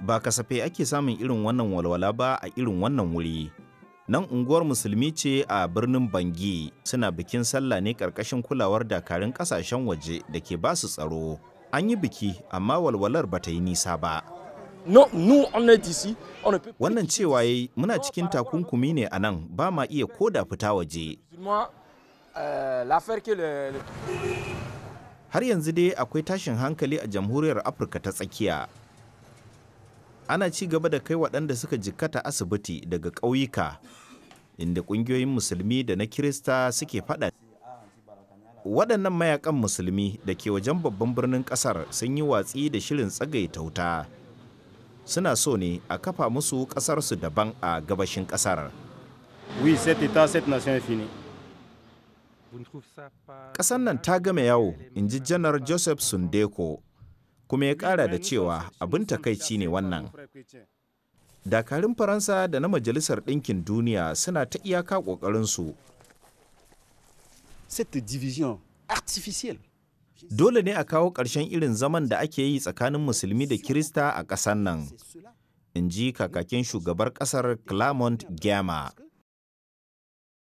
ba kasafai ake samun irin wannan walwala ba a irin wannan wuri nan unguwar musulmi ce a birnin bangi suna bikin sallah ne ƙarƙashin kulawar dakarun ƙasashen waje da ke ba su tsaro an yi biki amma walwalar ba ta yi nisa ba wannan cewa yi muna cikin takunkumi ne a nan ba ma iya koda fita waje eh, har yanzu dai akwai tashin hankali a jamhuriyar afirka ta tsakiya ana ci gaba da kai waɗanda suka jikkata asibiti daga ƙauyuka inda ƙungiyoyin musulmi da na kirista suke faɗa waɗannan mayakan musulmi da ke wajen babban birnin ƙasar sun yi watsi da shirin tsagaita wuta suna so ne a kafa musu ƙasarsu daban a gabashin ƙasar ƙasar nan ta game yawo in ji janar joseph sundeko kuma ya ƙara da cewa abin takaici ne wannan dakarun faransa da na majalisar ɗinkin duniya suna ta iyaka ƙoƙarinsu dole ne a kawo ƙarshen irin zaman da ake yi tsakanin musulmi da kirista a ƙasar nan in ji kakakin shugabar ƙasar clamont gama